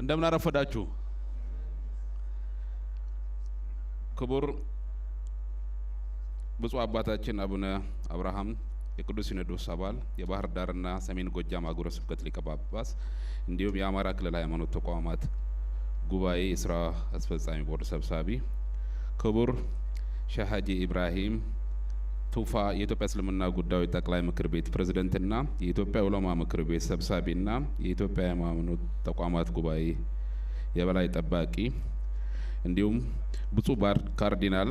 እንደምን አረፈዳችሁ። ክቡር ብፁዕ አባታችን አቡነ አብርሃም የቅዱስ ሲኖዶስ አባል የባህር ዳርና ሰሜን ጎጃም አህጉረ ስብከት ሊቀ ጳጳስ እንዲሁም የአማራ ክልል ሃይማኖት ተቋማት ጉባኤ የስራ አስፈጻሚ ቦርድ ሰብሳቢ ክቡር ሼህ ሀጂ ኢብራሂም ቱፋ የኢትዮጵያ እስልምና ጉዳዮች ጠቅላይ ምክር ቤት ፕሬዝደንትና የኢትዮጵያ ዑለማ ምክር ቤት ሰብሳቢና የኢትዮጵያ የሃይማኖት ተቋማት ጉባኤ የበላይ ጠባቂ እንዲሁም ብፁዕ ባር ካርዲናል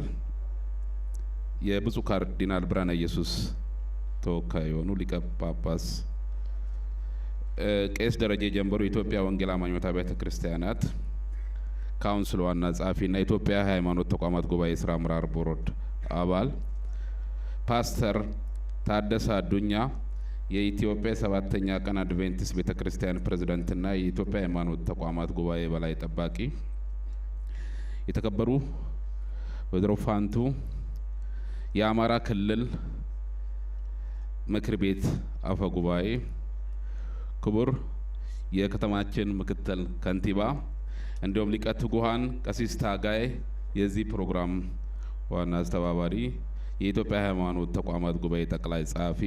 የብፁዕ ካርዲናል ብርሃነ ኢየሱስ ተወካይ የሆኑ ሊቀ ጳጳስ ቄስ ደረጀ ጀንበሩ የኢትዮጵያ ወንጌል አማኞት አብያተ ክርስቲያናት ካውንስል ዋና ጸሐፊና የኢትዮጵያ ሃይማኖት ተቋማት ጉባኤ ስራ አመራር ቦርድ አባል ፓስተር ታደሰ አዱኛ የኢትዮጵያ ሰባተኛ ቀን አድቬንቲስት ቤተ ክርስቲያን ፕሬዝዳንትና የኢትዮጵያ ሃይማኖት ተቋማት ጉባኤ በላይ ጠባቂ፣ የተከበሩ ወይዘሮ ፋንቱ የአማራ ክልል ምክር ቤት አፈ ጉባኤ፣ ክቡር የከተማችን ምክትል ከንቲባ እንዲሁም ሊቀ ትጉሃን ቀሲስ ታጋይ የዚህ ፕሮግራም ዋና አስተባባሪ የኢትዮጵያ ሃይማኖት ተቋማት ጉባኤ ጠቅላይ ጸሐፊ፣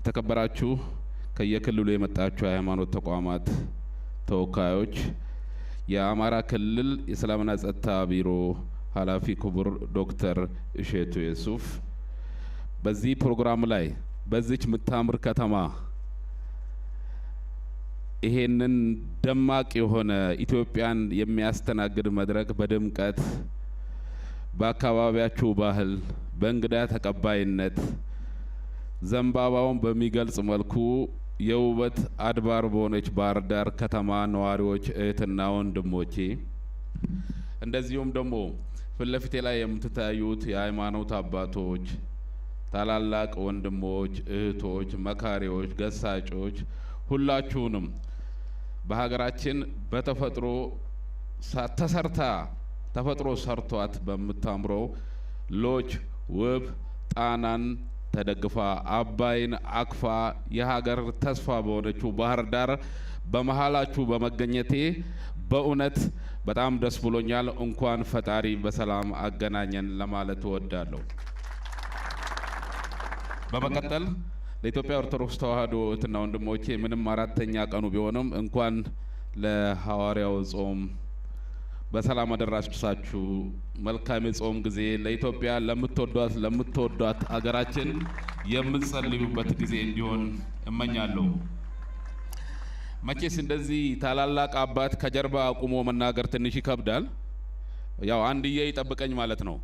የተከበራችሁ ከየክልሉ የመጣችሁ የሃይማኖት ተቋማት ተወካዮች፣ የአማራ ክልል የሰላምና ጸጥታ ቢሮ ኃላፊ ክቡር ዶክተር እሼቱ የሱፍ በዚህ ፕሮግራም ላይ በዚች ምታምር ከተማ ይሄንን ደማቅ የሆነ ኢትዮጵያን የሚያስተናግድ መድረክ በድምቀት በአካባቢያችሁ ባህል በእንግዳ ተቀባይነት ዘንባባውን በሚገልጽ መልኩ የውበት አድባር በሆነች ባህር ዳር ከተማ ነዋሪዎች እህትና ወንድሞቼ እንደዚሁም ደግሞ ፊት ላይ የምትታዩት የሃይማኖት አባቶች፣ ታላላቅ ወንድሞች፣ እህቶች፣ መካሪዎች፣ ገሳጮች ሁላችሁንም በሀገራችን በተፈጥሮ ተሰርታ ተፈጥሮ ሰርቷት በምታምረው ሎጅ ውብ ጣናን ተደግፋ አባይን አቅፋ የሀገር ተስፋ በሆነችው ባህር ዳር በመሀላችሁ በመገኘቴ በእውነት በጣም ደስ ብሎኛል። እንኳን ፈጣሪ በሰላም አገናኘን ለማለት እወዳለሁ። በመቀጠል ለኢትዮጵያ ኦርቶዶክስ ተዋሕዶ እህትና ወንድሞቼ ምንም አራተኛ ቀኑ ቢሆንም እንኳን ለሐዋርያው ጾም በሰላም አደረሳችሁ። መልካም የጾም ጊዜ ለኢትዮጵያ ለምትወዷት ለምትወዷት አገራችን የምትጸልዩበት ጊዜ እንዲሆን እመኛለሁ። መቼስ እንደዚህ ታላላቅ አባት ከጀርባ አቁሞ መናገር ትንሽ ይከብዳል። ያው አንድዬ ይጠብቀኝ ማለት ነው።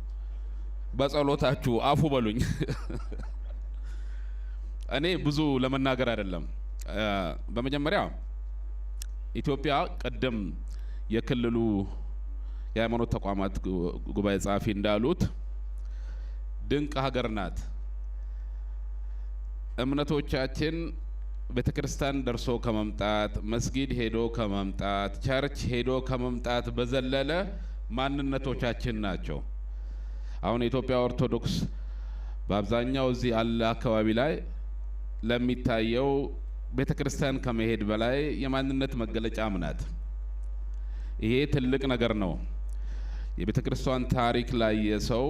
በጸሎታችሁ አፉ በሉኝ። እኔ ብዙ ለመናገር አይደለም። በመጀመሪያ ኢትዮጵያ ቀደም የክልሉ የሃይማኖት ተቋማት ጉባኤ ጸሐፊ እንዳሉት ድንቅ ሀገር ናት። እምነቶቻችን ቤተ ክርስቲያን ደርሶ ከመምጣት መስጊድ ሄዶ ከመምጣት ቸርች ሄዶ ከመምጣት በዘለለ ማንነቶቻችን ናቸው። አሁን የኢትዮጵያ ኦርቶዶክስ በአብዛኛው እዚህ አለ አካባቢ ላይ ለሚታየው ቤተ ክርስቲያን ከመሄድ በላይ የማንነት መገለጫም ናት። ይሄ ትልቅ ነገር ነው። የቤተ ክርስቲያን ታሪክ ላይ የሰው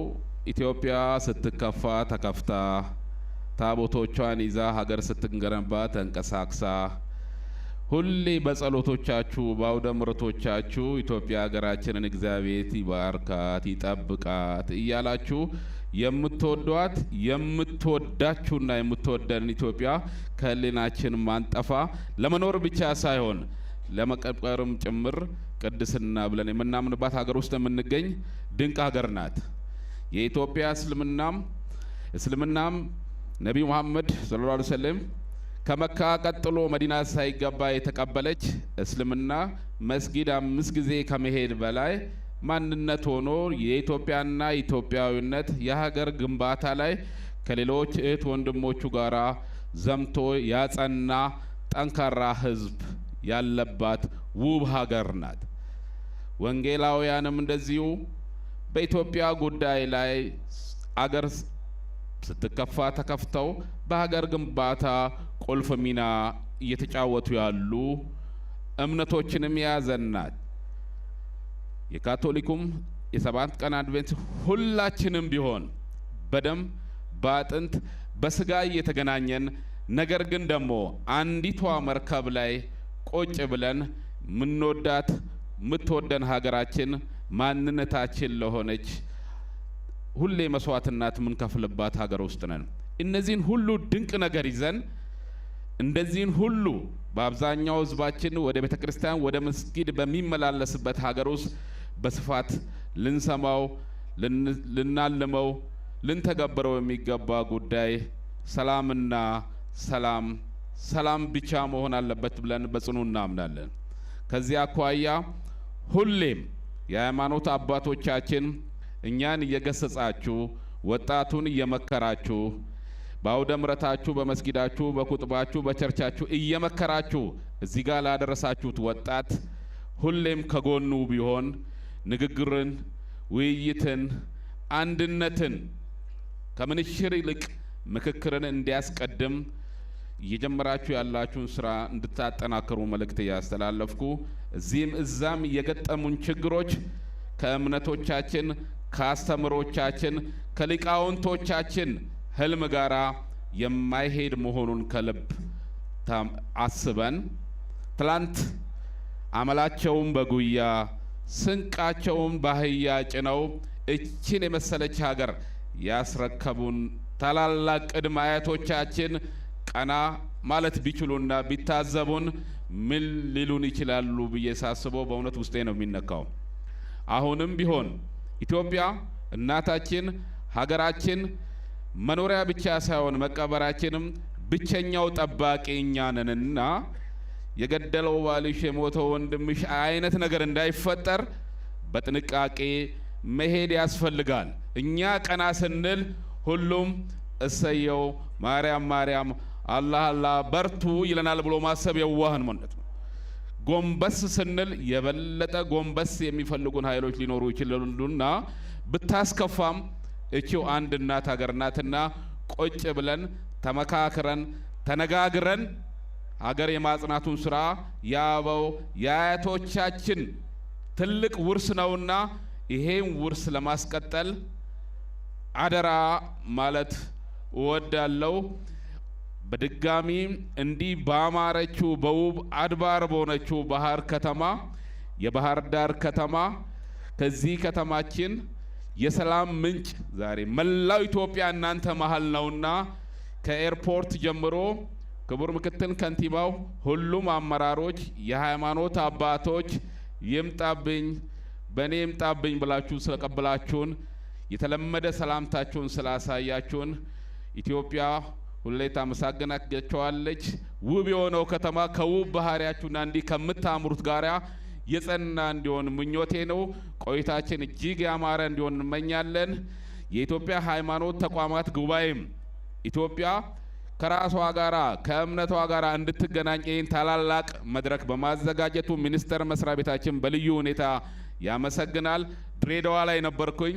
ኢትዮጵያ ስትከፋ ተከፍታ ታቦቶቿን ይዛ ሀገር ስትንገነባ ተንቀሳቅሳ ሁሌ በጸሎቶቻችሁ በአውደ ምሕረቶቻችሁ ኢትዮጵያ ሀገራችንን እግዚአብሔር ይባርካት ይጠብቃት እያላችሁ የምትወዷት የምትወዳችሁና የምትወደን ኢትዮጵያ ከህሊናችን ማንጠፋ ለመኖር ብቻ ሳይሆን ለመቀቀርም ጭምር ቅድስና ብለን የምናምንባት ሀገር ውስጥ የምንገኝ ድንቅ ሀገር ናት። የኢትዮጵያ እስልምናም እስልምናም ነቢዩ ሙሐመድ ሰለላሁ ዐለይሂ ወሰለም ከመካ ቀጥሎ መዲና ሳይገባ የተቀበለች እስልምና መስጊድ አምስት ጊዜ ከመሄድ በላይ ማንነት ሆኖ የኢትዮጵያና ኢትዮጵያዊነት የሀገር ግንባታ ላይ ከሌሎች እህት ወንድሞቹ ጋራ ዘምቶ ያጸና ጠንካራ ህዝብ ያለባት ውብ ሀገር ናት። ወንጌላውያንም እንደዚሁ በኢትዮጵያ ጉዳይ ላይ አገር ስትከፋ ተከፍተው በሀገር ግንባታ ቁልፍ ሚና እየተጫወቱ ያሉ እምነቶችንም የያዘናት የካቶሊኩም የሰባት ቀን አድቬንት ሁላችንም ቢሆን በደም በአጥንት በስጋ እየተገናኘን ነገር ግን ደግሞ አንዲቷ መርከብ ላይ ቁጭ ብለን ምንወዳት ምትወደን ሀገራችን ማንነታችን ለሆነች ሁሌ መስዋዕትናት ምንከፍልባት ሀገር ውስጥ ነን። እነዚህን ሁሉ ድንቅ ነገር ይዘን እንደዚህን ሁሉ በአብዛኛው ህዝባችን ወደ ቤተ ክርስቲያን ወደ መስጊድ በሚመላለስበት ሀገር ውስጥ በስፋት ልንሰማው፣ ልናልመው፣ ልንተገብረው የሚገባ ጉዳይ ሰላምና ሰላም ሰላም ብቻ መሆን አለበት ብለን በጽኑ እናምናለን። ከዚህ አኳያ ሁሌም የሃይማኖት አባቶቻችን እኛን እየገሰጻችሁ፣ ወጣቱን እየመከራችሁ፣ በአውደ ምረታችሁ፣ በመስጊዳችሁ፣ በኩጥባችሁ፣ በቸርቻችሁ እየመከራችሁ እዚህ ጋር ላደረሳችሁት ወጣት ሁሌም ከጎኑ ቢሆን ንግግርን፣ ውይይትን፣ አንድነትን ከምንሽር ይልቅ ምክክርን እንዲያስቀድም እየጀመራችሁ ያላችሁን ስራ እንድታጠናክሩ መልእክት እያስተላለፍኩ እዚህም እዛም የገጠሙን ችግሮች ከእምነቶቻችን፣ ከአስተምሮቻችን፣ ከሊቃውንቶቻችን ህልም ጋራ የማይሄድ መሆኑን ከልብ አስበን ትላንት አመላቸውን በጉያ ስንቃቸውን ባህያ ጭነው እችን የመሰለች ሀገር ያስረከቡን ታላላቅ ቅድመ አያቶቻችን ቀና ማለት ቢችሉና ቢታዘቡን ምን ሊሉን ይችላሉ ብዬ ሳስበው በእውነት ውስጤ ነው የሚነካው። አሁንም ቢሆን ኢትዮጵያ እናታችን፣ ሀገራችን መኖሪያ ብቻ ሳይሆን መቀበራችንም ብቸኛው ጠባቂ እኛ ነንና የገደለው ባልሽ የሞተው ወንድምሽ አይነት ነገር እንዳይፈጠር በጥንቃቄ መሄድ ያስፈልጋል። እኛ ቀና ስንል ሁሉም እሰየው ማርያም ማርያም አላህ አላህ በርቱ ይለናል ብሎ ማሰብ የዋህን ሞነት ነው። ጎንበስ ስንል የበለጠ ጎንበስ የሚፈልጉን ኃይሎች ሊኖሩ ይችላሉና ብታስከፋም እቺው አንድ እናት ሀገር ናትና ቆጭ ብለን ተመካክረን ተነጋግረን ሀገር የማጽናቱን ስራ የአበው የአያቶቻችን ትልቅ ውርስ ነውና ይሄን ውርስ ለማስቀጠል አደራ ማለት እወዳለሁ። በድጋሚ እንዲህ ባማረችው በውብ አድባር በሆነችው ባህር ከተማ የባህር ዳር ከተማ ከዚህ ከተማችን የሰላም ምንጭ ዛሬ መላው ኢትዮጵያ እናንተ መሀል ነውና ከኤርፖርት ጀምሮ ክቡር ምክትል ከንቲባው፣ ሁሉም አመራሮች፣ የሃይማኖት አባቶች ይምጣብኝ በእኔ ይምጣብኝ ብላችሁ ስለቀበላችሁን የተለመደ ሰላምታችሁን ስላሳያችሁን ኢትዮጵያ ሁሌ ታመሰግናቸዋለች። ውብ የሆነው ከተማ ከውብ ባህሪያችሁና እንዲህ ከምታምሩት ጋራ የጸና እንዲሆን ምኞቴ ነው። ቆይታችን እጅግ ያማረ እንዲሆን እንመኛለን። የኢትዮጵያ ሃይማኖት ተቋማት ጉባኤም ኢትዮጵያ ከራሷ ጋራ ከእምነቷ ጋራ እንድትገናኝ ይህን ታላላቅ መድረክ በማዘጋጀቱ ሚኒስቴር መስሪያ ቤታችን በልዩ ሁኔታ ያመሰግናል። ድሬዳዋ ላይ ነበርኩኝ፣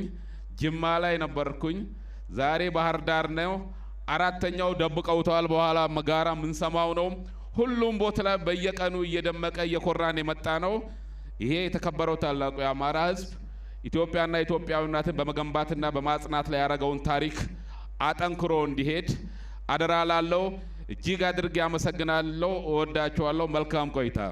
ጅማ ላይ ነበርኩኝ፣ ዛሬ ባህር ዳር ነው። አራተኛው ደብቀውተዋል። በኋላ መጋራ የምንሰማው ነው። ሁሉም ቦታ ላይ በየቀኑ እየደመቀ እየኮራን የመጣ ነው። ይሄ የተከበረው ታላቁ የአማራ ህዝብ ኢትዮጵያና ኢትዮጵያዊነትን በመገንባትና በማጽናት ላይ ያደረገውን ታሪክ አጠንክሮ እንዲሄድ አደራ ላለው እጅግ አድርጌ አመሰግናለሁ። እወዳችኋለሁ። መልካም ቆይታ